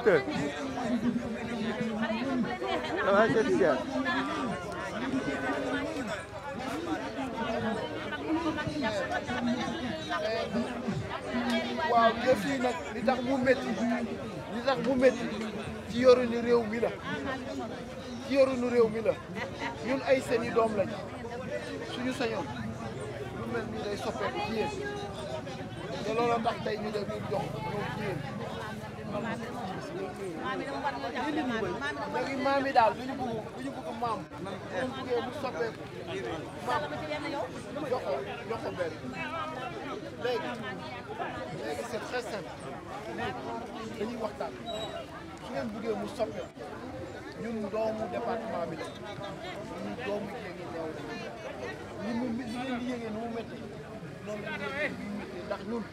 Betul. Bahasa saya waaw Wow, dia sih nak tax mu métti li tax mu métti ci yoruñu ni reu mila. ci yoruñu réew mi la ñun ay ni dah Kalau orang tak tanya dia léegi maam yi daal lu ñu bëgg lu ñu bëgg maam. mu soppeeku maam jox ko jox ko benn léegi léegi c'est très simple dañuy waxtaan su ngeen bëggee mu soppeeku ñun doomu département bi la ñun doomu jéegi néew li ndax ñun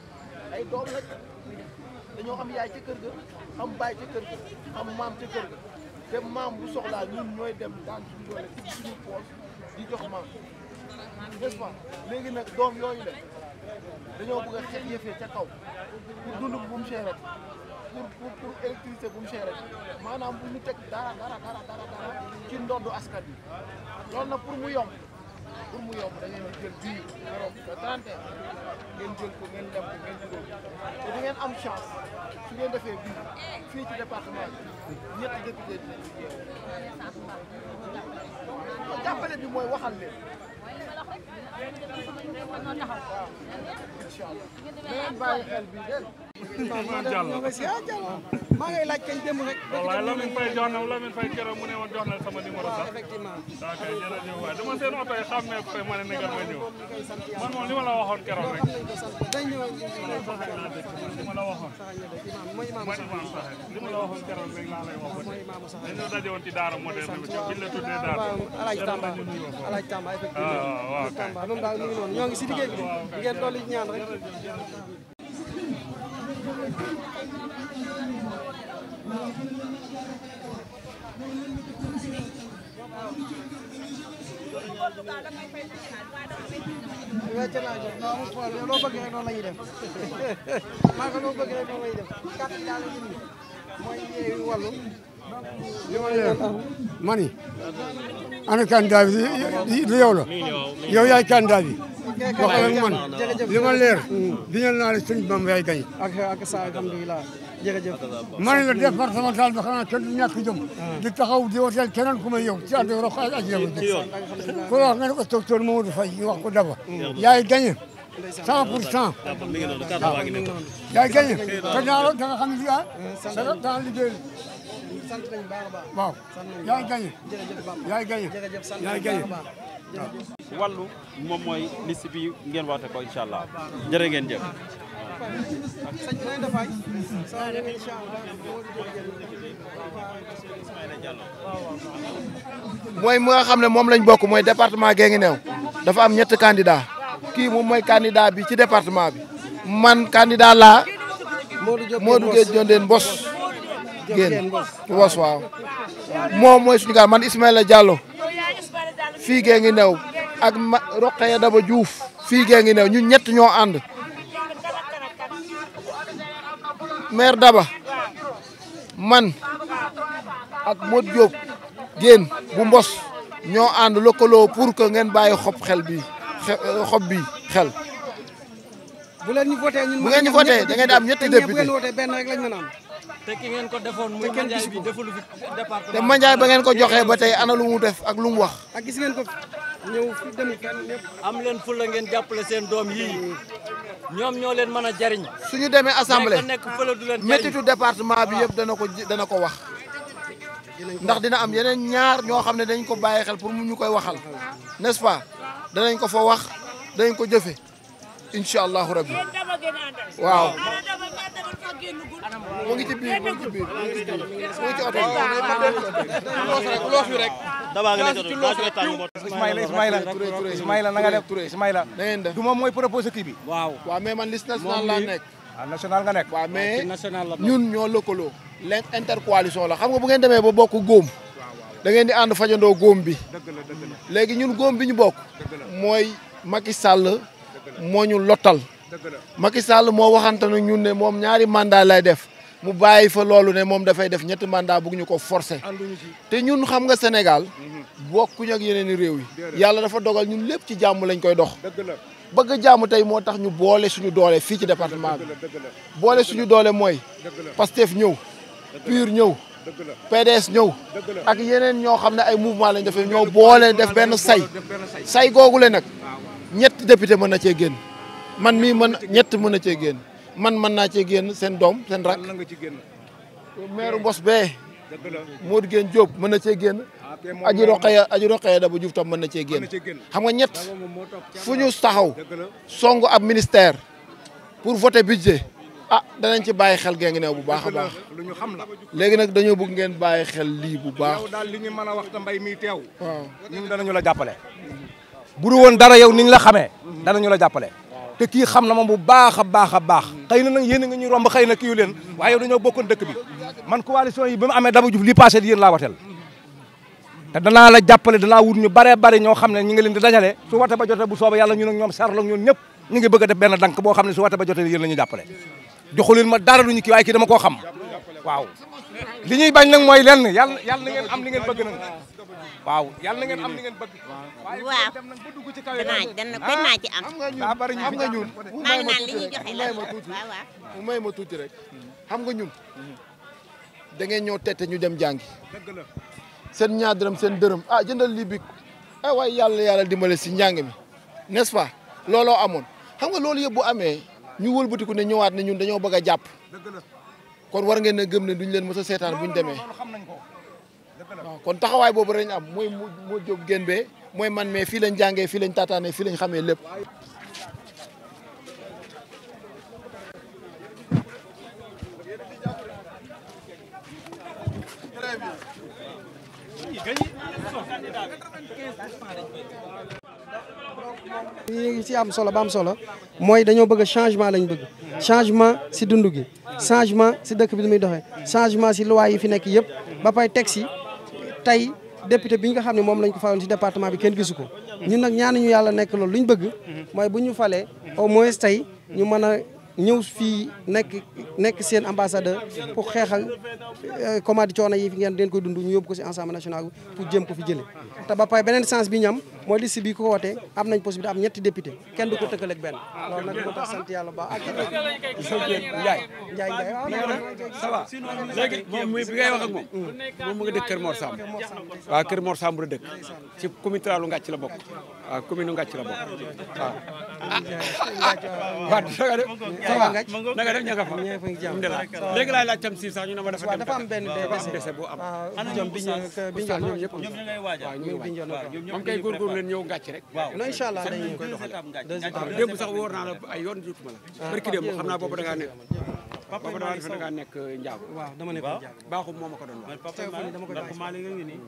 ay doom la dañoo am yaay ci kër ga. am baay ci kër ga am maam ci kër ga te maam bu soxlaa ñun ñooy dem daan suñu doole ci suñu poos di jox maam n'est-ce léegi nag doom yooyu de dañoo bëgg a xet yëfee ca kaw pour dund bu mu cher rek pour pour pour électricité bu maanaam bu ñu teg dara dara dara dara ci ndoddu askan bi loolu nag pour mu yomb pour mu yomb da ngeen di jël dix borom ba trente ngeen jël ko ngeen dem ko ngeen dugal te di ngeen am chance su ngeen defee bii fii ci département bi ñetti député dinañ ci jéem jàppale bi mooy waxal leen. waaw incha allah. da ngeen bàyyi xel bi de. Diallo maa ngay laaj kañ dem rek. wallaay Lamine Faye jox na Lamine Faye keroog mu ne woon jox na sama numéro sax. effectivement daa koy jërëjëf waay dama seen oto yi xàmmee ko ma ne ni nga ma ñëw. man moom li ma la waxoon keroog rek. li ma la waxoon. mooy Imaamu Saxé li ma la waxoon keroog rek laa lay waxoon. dañoo daje woon ci Daara moderne bi ci biñ la tuddee Daara. Alaaj Tamba Alaaj Tamba effectivement. waaw waaw kay. ñoo ngi si liggéey bi ngeen dolli ñaan rek. wecce laa jot non amul problème loo bëgg rek noonu la ñuy def maa ko loo bëgg rek noonu la ñuy def kat daal la ñuy mooy yeewi wàllu li ma leen mani ana candidat bi du yow la yow yaay candidat bi waxal ak man li ma leer. dina naa la sëñ Bamba yaay gañ. ak ak sa alhamdulilah jërëjëf. ma ne la départemental bi xanaa kenn du ñàkk jëm. Ah. di taxaw di woteel keneen ku may yow ci ànd ak ak yow. ku la wax nga ne ko docteur Mamadou Faye ñu wax ko Daba. Mm. yaay gañe. cent pour cent waaw yaay gañe. te daal da nga xam ne ah. dara mm, daal liggéey sant nañu baax a baax. waaw yaay gañe. yaay gañe. yaay wàllu moom mooy liste bi ngeen waate ko incha allah jërë ngeen jëf. mooy mu nga xam ne moom lañ bokk mooy département Guinguinéo dafa am ñetti candidat kii moom mooy candidat bi ci département bi man candidat laa Modou Gueye Diondéne Mbos génn Mbos waaw moom mooy suñu gaal man Ismaïla Diallo fii gee ngi new ak ma Roqaya Daba Diouf fii gee ngi new ñun ñett ñoo ànd maire Daba man ak Mod Diop génn bu mbos ñoo ànd lëkkaloo pour que geen bàyyi xob xel bi euh, xob bi xel. bu leen ñu voté ñun bu ngeen ñu voté da benn rek lañ a am. te ki ngeen ko defoon muy Mandiaye bi defulu département te Mandiaye ba ngeen ko joxee ba ana lu mu def ak lu mu wax. ak gis ngeen ko fi dem ngeen seen doom ñoo jariñ. suñu assemblée du département bi dana ko dana ko wax. ndax dina am yeneen ñaar ñoo xam dañ ko bàyyi xel pour mu ñu waxal n'est-ce pas danañ ko fa wax ko rabbi waaw mu ngi ci biir mu ngi ci biir mu ngi ci biir mu ngi ci oto bi loof rek daba nga nekk ci loof rek Ismaïla Ismaïla Ismaïla na nga man liste national laa national nga nekk waaw mais ñun ñoo lëkkaloo leen intercoalition la xam nga bu ngeen demee ba bokk góom da ngeen di ànd fajandoo góom bi léegi ñun góom bi ñu bokk mooy Macky Sall moo ñu lottal Macky ne moom ñaari mandat lay def mu bàyyi fa loolu ne moom dafay def ñetti mandat bugg ñu ko forcer. te ñun xam nga Sénégal. Mhm. bokkuñ ak yeneen i réew yi. yàlla dafa dogal ñun lépp ci jàmm lañ koy dox. bëgg jàmm tey moo tax ñu boole suñu doole fii ci département bi. boole suñu doolee mooy. Pastef ñëw. PUR ñëw. PDS ñëw. ak yeneen ñoo xam ne ay mouvement lañ defee ñoo boole def benn say. say googu le nag ñett député mën na cee génn. man mii mën ñett mën na cee génn. man mën naa cee génn seen doom seen rak lan nga ci génn maire Mbos bee Modou Guène Diop mën na cee génn ah, aji roqaya aji roqaya da bu Diouf tam mën na cee génn xam nga ñett fu ñu taxaw song ab ministère pour voter budget ah danañ ci bàyyi xel gee ngi new bu baax a baax ñu xam la léegi nag dañoo bugg ngeen bàyyi xel lii bu baax yow daal li ñu mën a wax mbay mi teew waaw la jàppale bu woon dara yow ni ñu la xamee danañu la jàppale te kii xam na ma bu baax a baax a baax xëy na nag yéen a ngi ñuy romb xëy na kii leen waaye yow dañoo bokkoon dëkk bi man coalition yi ba mu amee dama juf li passé di yéen laa wateel te danaa la jàppale danaa wut ñu bare bare ñoo xam ne ñu ngi leen di dajale su wate ba jote bu sooba yàlla ñun ak ñoom sarlog ñun ñëpp ñu ngi bëgg a def benn dank boo xam ne su wate ba jote yéen la ñu jàppale joxu leen ma dara duñu kii waaye kii dama koo xam waaw li ñuy bañ am li ngeen bëgg waaw yàlla na ngeen am li ngeen bëgg. waaw danaa dana bañ naa ci am. daa bari ñu fi ñun. maa ngi naan li ñuy joxe la waaw waaw. mu may ma tuuti rek. Hmm. xam nga ñun. Hmm. dangeen ngeen ñëw tette ñu dem jàngi. seen ñaar dërëm seen dërëm ah jëndal lii bi ah waaye yàlla yàlla dimbale si njàng mi n'est-ce looloo amoon xam nga lool yëpp bu amee ñu wëlbatiku ne ñëwaat ne ñun dañoo bëgg a jàpp kon war ngeen ne gëm ne ñu leen mës a seetaan buñ demee. waaw kon taxawaay boobu lañ am mooy mu mu jóg gén mooy man mais fii lañ jàngee fii lañ taataanee fii lañ xamee lépp yi ci am solo ba am solo mooy dañoo bëgg changement lañ bëgg changement si dund gi changement si dëkk bi nu muy doxee changement si loi yi fi nekk yëpp ba pay tey député bi nga xam ne moom lañ ko faloon ci département bi kenn gisu ko ñun nag ñaanuñu yàlla nekk loolu lu ñu bëgg mooy bu ñu falee au moins tey ñu man a ñëw fii nekk nekk seen ambassadeur pour xeexal euh, commande coono yi fi ngeen den koy dund ñu yóbbu si ci Assemblée nationale pour jëm ko fi jële te ba beneen sens bi ñam mooy liste bi ko wootee am nañ possibilité am ñetti député kenn du ko tëkkale ak benn loolu nag moo tax sant yàlla baax ak Ndiaye Ndiaye Ndiaye ça va léegi moom bi ngay nga dëkk Kër Mor Samb waaw Kër ci la bokk waaw commune Ngathie la bokk waaw waaw ça va na nga def ña nga fa m de la léegi laay laaj tam si sax ñu ne ma dafa am benn décès bu am ñoom bi ñu ñoom ñëpp waaw ñu ngi waajal waaw moom kay góorgóorlu leen ñëw gàcc rek incha allah dañuy koy doxal démb sax wóor naa la ay yoon jutuma la ah, barki démb xam naa boobu da ngaa nekk papa da ngaa nekk njaago waaw dama nekk njaago baaxum moo ma ko doon wax papa dama ko doon maa ngi nii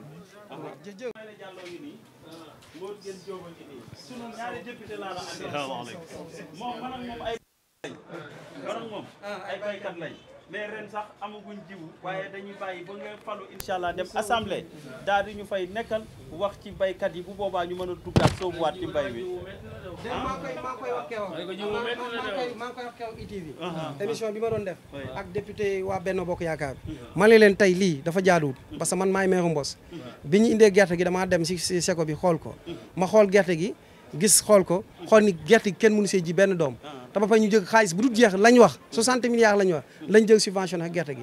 ah, jëjëf la jàlloo ngi nii ngóor gën jóoba ngi nii sunu ñaari député laa la andee moom man ak moom ay ay baykat lañ mais ren sax amaguñ jiwu waaye mm. dañuy bàyyi ba nga falu incha daal di ñu fay nekkal wax ci baykat yi bu boobaa ñu mën a duggaat soobuwaat mu mbay mi. maa bi maa koy wax kew maa ngi koy wax émission bi ma doon def ak député waa benn Bokk Yaakaar ma ne leen tey lii dafa jaaduwut parce que man maay meeru Mbos bi ñu indee gerte gi damaa dem si si seko bi xool ko ma xool gerte gi gis xool ko xool ni gerte gi kenn mënu see ji benn doom ah. te ba pay ñu jël xaalis bu dul jeex lañ wax 60 milliards lañ wax lañ jël subventionné ak gerte gi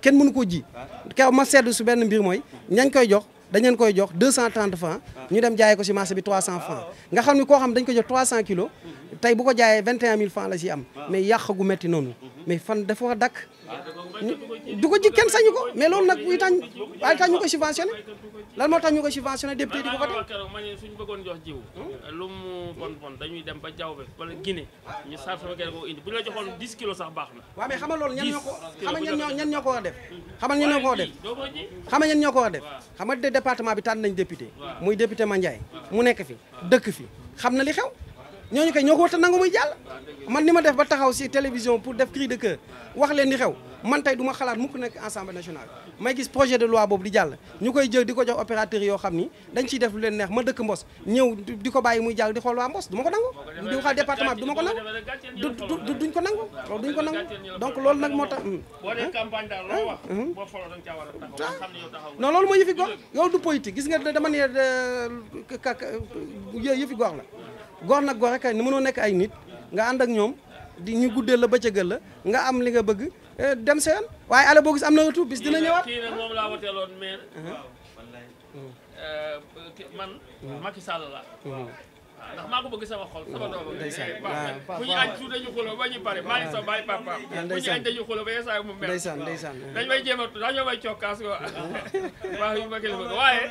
kenn mënu ji kew ma seetlu su benn mbir mooy ñañ koy jox dañ koy jox 230 francs ñu dem jaayee ko si marché bi 300 francs nga xam ne koo xam dañ ko jox 300 kilos tey bu ko jaayee 21000 francs la si am mais yàq gu metti noonu mais fan dafa dakk du ko ji kenn sañu ko mais loolu nag buy tax waaye tax ñu ko subventionné lan moo tax ñu ko subventionné député di ko voté. keroog ma ne bëggoon jox jiw hmm? lu mu bon bon dañuy dem ba jaww be wala Guinée ñu bu ñu la joxoon sax baax na. waaw xam nga loolu ñan ñoo ko xam nga ñan ñoo ñan ko war a def. xam nga ñan ñoo ko war xam ñan ñoo ko war a def hmm. xam bi tànn nañ député muy député Mandiaye mu nekk fi dëkk fi xam na li xew ñooñu kay ñoko ko war a muy jàll man nima def ba taxaw ci télévision pour def cri de cœur wax leen ni xew man tay duma xalaat mukk nek ensemble national may gis projet de loi bobu di jall ñukoy jël diko jox opérateur yo xamni dañ ci def lu leen neex ma dëkk mbos ñew diko bayyi muy jall di xol wa mbos duma ko nangu di waxal département duma ko nangu du duñ ko nangu loolu duñ ko nangu donc nak motax bo bo campagne lo wax hmm. ci wara taxaw ah. xamni moo taxaw non loolu mo yëfi gox yow du politique gis nga dama ne euh, yëfi gox la góor nag góor kay ni mëno nek ay nit nga and ak ñom di ñu guddee la bëccëgal la nga am li nga bëgg eh, dem seen waye ala bo gis am na retour bis dina ñëwaat. ki kii nag moom laa woteeloon mais. Uh-huh. Eh, man Macky Sall la. Uh-huh ndax maa ko bëgg sama xol sama doom bu ñu añ suuf dañu xuloo ba ñu pare maa ngi sama bàyyi papa bu ñu añ dañu xuloo ba yeesaay mu mel ndeysaan ndeysaan dañ may jéem a dañoo may cokkaas ko waaw yu ma kilifa waaye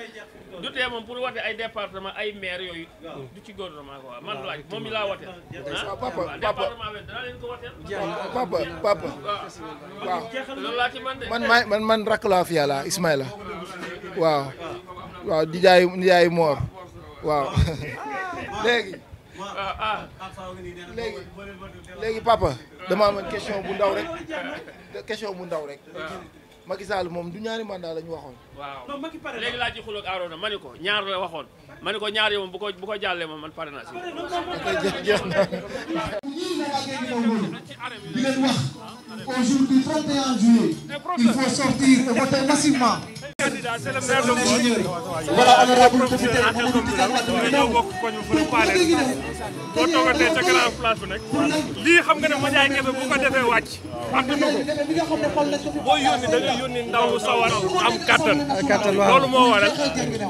du tee moom pour wate ay département ay maire yooyu du ci gouvernement ko ah? waaw man laaj moom yi laa wate papa département bi dana leen ko wateel papa papa waaw loolu laa ci man de man man man rakk laa fi yàlla Ismaïla waaw waaw di léegi léegi léegi papa damaa amoon question bu ndaw rek question bu ndaw rek. Macky Sall moom du ñaari mandat la ñu waxoon. waaw non Macky léegi laa ci xulóog Arona ma ne ko ñaar la waxoon ma ne ko ñaar yow bu ko bu ko jàllee moom man pare naa si. jeex na. di wax au jour du 31 il faut sortir et massivement. voilà honorable député Mamadou Tidiane Wade mu ngi ñëw boo toogatee ca grand place bi nag lii xam nga ne ma jaay kebe bu ko defee wàcc attanu ko boo yónni da ngay yónni ndaw sawar am kattan loolu moo waral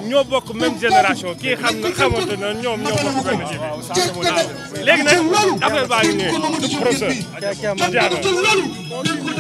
ñoo bokk même génération kii xam na xamante na ñoom ñoo bokk benn ji léegi nag affaire baa ngi ñëwee professeur Diallo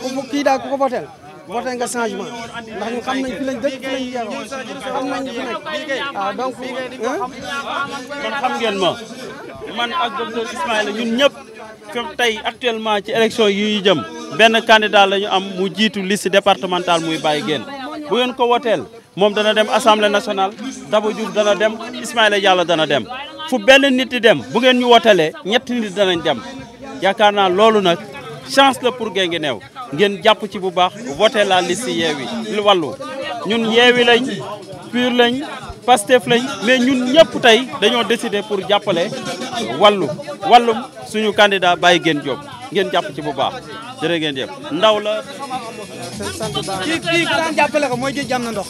ku kii daal ku ko voteel voté nga changement ndax ñu xam nañ fi lañ dëkk fi lañ man xam ma man ak docteur Ismaïla ñun ñëpp fi tey actuellement ci élection yi ñu jëm benn candidat la ñu am mu jiitu liste departemental muy Baye Guène bu ko woteel moom dana dem assemblée nationale Daba Diouf dana dem Ismaïla Diallo dana dem fu benn nit di dem bu ngeen ñu wotelee ñetti nit danañ dem yaakaar naa loolu nag chance la pour Guinguinéo ngeen jàpp ci bu baax voté la liste yeewi lu wàllu ñun yeewi lañ pur lañ pastef lañ mais ñun ñëpp tey dañoo décider pour jàppale wàllu wàllum suñu candidat Baye Guèye Diop ngeen jàpp ci bu baax jërë ngeen jëf ndaw la. kii kii ku daan jàppale ko mooy jërëjëf am ndox.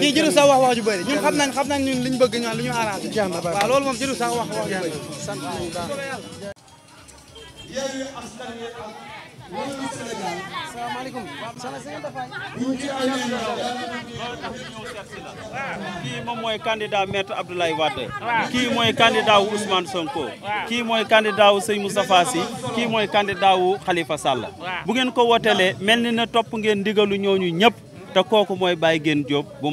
kii jërëjëf sax wax wax ju bëri ñun xam nañ xam nañ ñun li ñu bëgg ñu lu ñu arrangé. waaw loolu moom jërëjëf sax wax wax ju bëri. loolu kii moom mooy candidat maître Abdoulaye Wade. kii mooy candidat wu Ousmane Sonko. kii mooy candidat wu sëñ Moustapha Sy. kii mooy candidat wu Khalifa Sall. bu ngeen ko wotelee mel ni na topp ngeen ndigalu ñooñu ñëpp. te kooku mooy Baye Guène Diop bu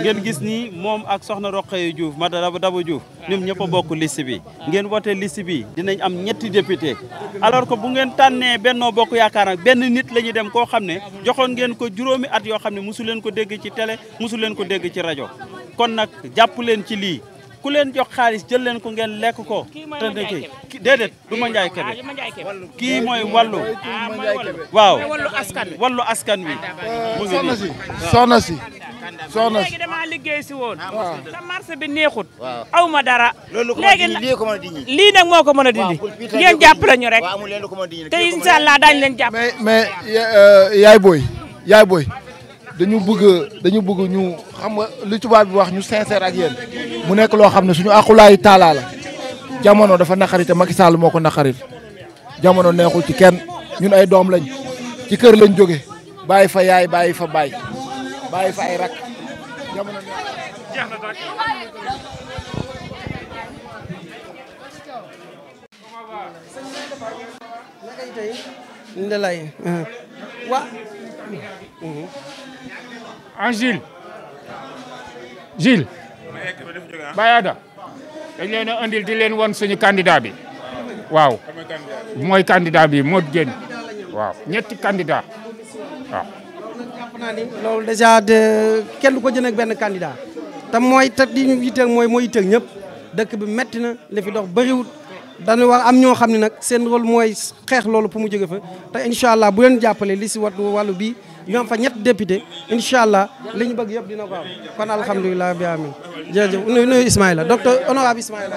ngeen gis ni moom ak soxna Roqaye Diouf ma daba daba Diouf ñoom ñëpp bokk liste bi ngeen wote liste bi dinañ am ñetti député alors que bu ngeen tànnee bennoo bokk yaakaar nag benn nit la ñuy dem koo xam ne joxoon ngeen ko juróomi at yoo xam ne mosu leen ko dégg ci télé mosu leen ko dégg ci rajo kon nag jàpp leen ci lii ku leen jox xaalis jël leen ko ngeen lekk ko te dëkk déedéet du ma njaay kebe ah, kii mooy wallu ah, waaw wàllu askan wi ah, mu ngi soxna si soxna léegi damaa liggéey si woon. te ah, marché bi neexut. aw ma dara. léegi lii nag moo ko mën a dindi. ngeen jàppale ñu rek. te incha allah daañu leen jàpp. mais mais euh, yaay boy yaay booy dañu bëgg dañu bëgg ñu xam nga li tubaab bi wax ñu sincère ak yéen. mu nekk loo xam ne suñu akulaayu taalaa la. jamono dafa naqari te Macky moo ko naqari jamono neexul ci kenn ñun ay doom lañ ci kër lañ jóge bàyyi fa yaay bàyyi fa bàyyi. bàyyi fa ay rak jamono jeex na tàkk nakay tey ndelay wa ah Gilles dañ leen andil di leen won suñu candidat bi waaw mooy candidat bi moo génn ñetti candidat naa ni dèjà de kenn ko jën benn candidat te mooy te li ñu mooy mooy yitteel ñëpp dëkk bi metti na li fi dox bëriwut dañu war am ñoo xam ne nag seen rôle mooy xeex loolu pour mu jóge fa te incha allah bu leen jàppalee li si wàllu wàllu bi ñu am fa ñett député incha allah li ñu bëgg yëpp dina ko am kon alhamdulilah bi amin jërëjëf nuyu nuyu Ismaïla docteur honorable Ismaïla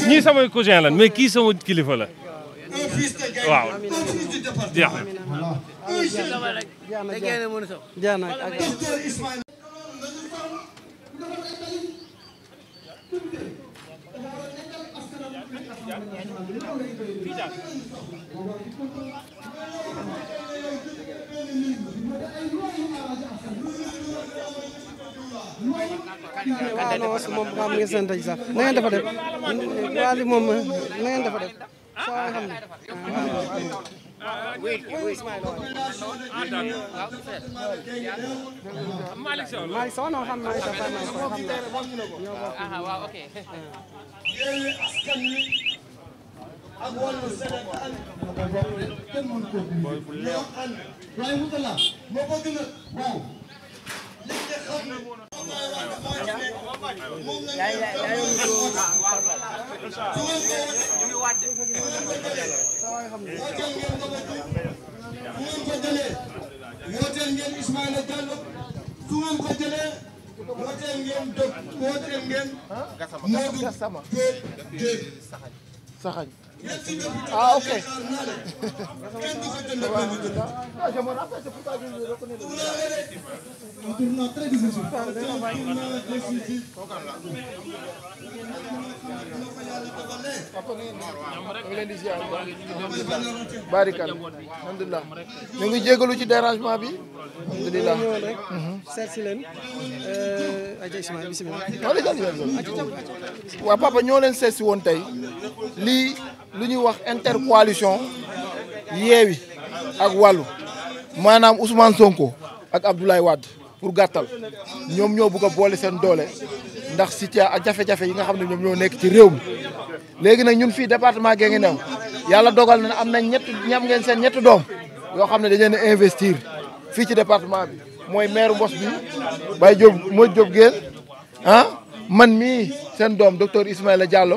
ñii samay cousin lan mais kii sama kilifa la waaw jeex na jeex na waaw non si moom xam ngeen seen daj sax na ngeen dafa def waa li moom na ngeen dafa def soo nga xam ne Malick Sow Malick Sow non xam naa ko xam naa ko ñoo bokk waaw ok Yewwi Askan Wi ak Wallu Sénégal kenn mënu ko waaye mu ko la moo ko gënal waaw li nga xam ne wooteel ngeen Ismaïla Diallo su ngeen ko jëlee wooteel ngeen dëkk wooteel ngeen Modou Diop Diop Saxañ Ah, ok. Un tournoi très décisif. barikal alhamdulilah ñu ngi jégalu ci dérangement bi alhamdulilah ñëwoon rek seet si leen euh, waaw papa ñoo leen si woon tey lii lu ñuy wax intercoalition yeewi ak wàllu maanaam Ousmane Sonko ak Abdoulaye Wade pour gàttal ñoom ñoo bëgg a boole seen doole ndax si ak jafe-jafe yi nga xam ne ñoom ñoo nekk ci réew mi léegi nag ñun fii département gee ngi new yàlla dogal na am nañ ñett ñam ngeen seen ñetti doom yoo xam ne dañu leen investir fii ci département bi mooy maire Mbos bi Baye Diop mooy Diop ah man mii seen doom docteur Ismaïla Diallo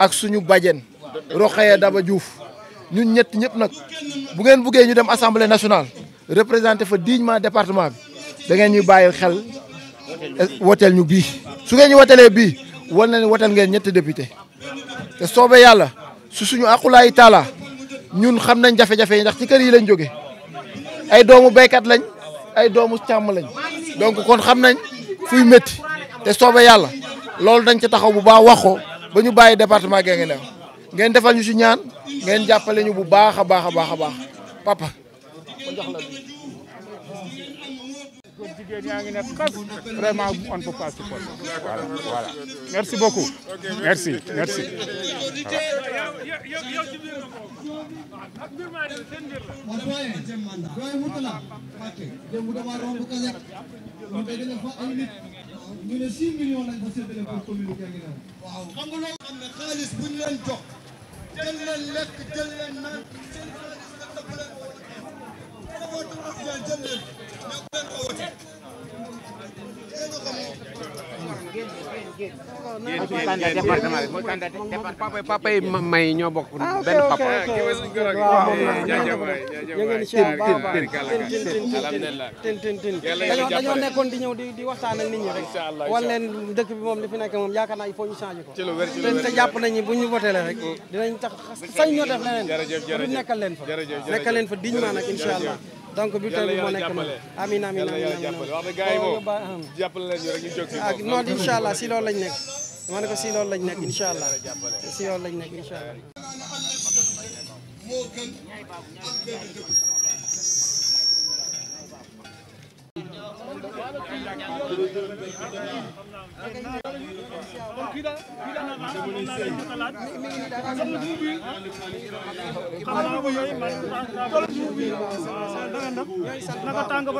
ak suñu bajen Rokhaya Daba Diouf ñun ñett ñëpp nag bu ngeen buggee ñu dem assemblée nationale représenté fa dignement département bi da ngeen ñuy bàyyi xel woteel ñu bii su ngeen ñu wotelee bii war na ne woteel ngeen ñetti député te soobee yàlla su suñu aqulaayi taala ñun xam nañ jafe-jafe yi ndax ci kër yi lañ jóge ay doomu béykat lañ ay doomu càmm lañ donc kon xam nañ fuy métti te soobee yàlla loolu dañ ca taxaw bu baax wax ko ba ñu bàyyi département Guinguinéo ngeen defal ñu si ñaan ngeen jàppale ñu bu baax a baax a baax a baax papa jigéen yaa ngi ne xas vraiment on ne peut pas supporter voilà voilà merci beaucoup merci merci ñu ne 6 millions lañ ko séddale pour commune Diaguiné waaw xam nga loo xam ne xaalis bu ñu leen jox jël leen lekk jël leen naan seen xaalis la tëpp leen wala jël leen papa papa yi may ñoo bokk benn papa dañoo nekkoon di ñëw di di waxtaan ak nit ñi rek wala dëkk bi moom li fi nekk moom yaakaar naa il faut ko te jàpp nañu bu ñu voté rek dinañ tax sañ ñoo def leneen nekkal leen fa nekkal leen fa dignement nag incha donc bulletin bi moo nekk noonu amiin amiin amiin ah non incha allah si loolu lañ nekk dama ne ko si loolu lañ nekk incha allah si loolu lañ nekk incha allah. naka tàng ba mbaa ba tàng baax baax bu baax a baax tàng na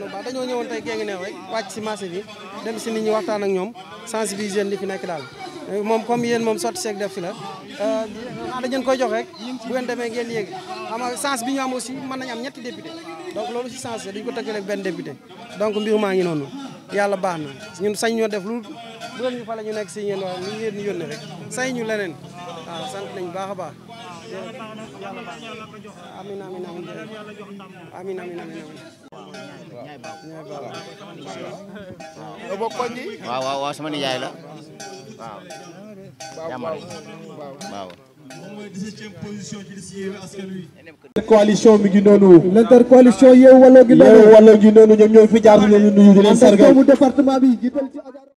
bu baax dañoo ñëwoon tey gee ngi neew wàcc si marché bi dem si nit ñi waxtaan ak ñoom sensibiliser li fi nekk daal Euh, moom comme yéen moom sotti seeg def fi la xanaa euh, ah, dañu jox rek bu ngeen demee ngeen yéegi xam nga sens bi ñu am aussi mën nañu am ñetti député donc loolu si sens dañu ko tëkkaleeg benn député donc mbir maa ngi noonu yàlla baax na ñun sañ ñoo def lu bu leen ñu fale ñu nekk si ñeen waaw ñu ngeen ñu yónne rek sañ ñu leneen waaw sant nañ baax a baax amin amin amin amin amin amin waaw waaw waaw sama nijaay la waaw waaw coalition mi ngi noonu. l'intercoalition Yewwi Wallu gi noonu. Yewwi Wallu gi noonu ñoom ñoo fi jaar ñoom ñu nuyu di leen sargal département bi